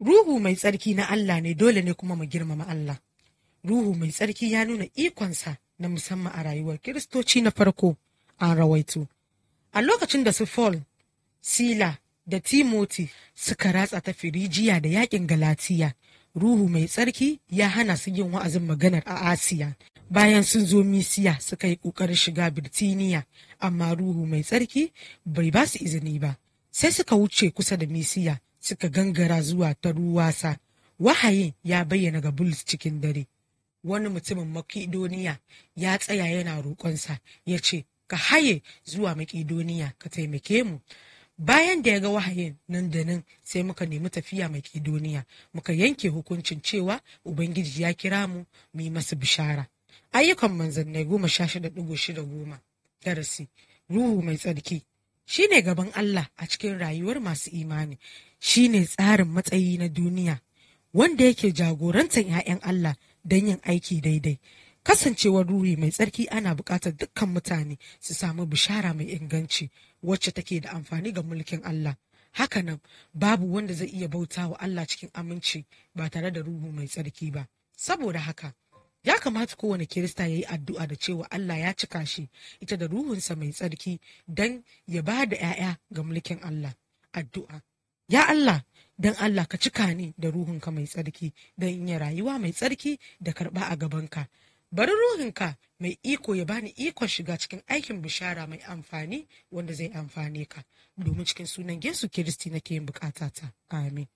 Ruhu mai tsarki na Allah ne dole ne kuma mu girmama Allah. Ruhu mai tsarki ya nuna ikonsa na musamman a rayuwar Kiristoci na farko an rawaito. A lokacin da su Paul, Sila da Timoti suka ratsa ta firijiya da yakin Galatiya, Ruhu mai tsarki ya hana su yin wa'azin maganar a Asiya. Bayan sun zo Misiya suka yi ƙoƙarin shiga Birtiniya, amma Ruhu mai tsarki bai ba su izini ba. Sai suka wuce kusa da Misiya suka gangara zuwa ta ruwasa wahayin ya bayyana ga bulus cikin dare wani mutumin makidoniya ya tsaya yana roƙonsa ya ce ka haye zuwa makidoniya ka taimake mu bayan da ya ga wahayin nan da nan sai muka nemi tafiya makidoniya muka yanke hukuncin cewa ubangiji ya kira mu mu yi masa bishara ayyukan manzannai goma sha shida digo shida goma darasi ruhu mai tsarki shi ne gaban Allah a cikin rayuwar masu imani shi ne tsarin matsayi na duniya wanda yake jagorantar 'ya'yan Allah don yin aiki daidai kasancewar ruri mai tsarki ana buƙatar dukkan mutane su samu bishara mai inganci wacce take da amfani ga mulkin Allah hakanan babu wanda zai iya bauta wa Allah cikin aminci ba tare da ruhu mai tsarki ba saboda haka ya kamata kowane kirista ya yi addu'a da cewa Allah ya cika shi ita da ruhunsa mai tsarki don ya ba da 'ya'ya ga mulkin Allah addu'a ya Allah don Allah ka cika ni da ruhunka mai tsarki don in yi rayuwa mai tsarki da karɓa a gabanka bari ruhunka mai iko ya bani ikon shiga cikin aikin bishara mai amfani wanda zai amfane ka domin cikin sunan Yesu Kiristi nake yin bukatata amin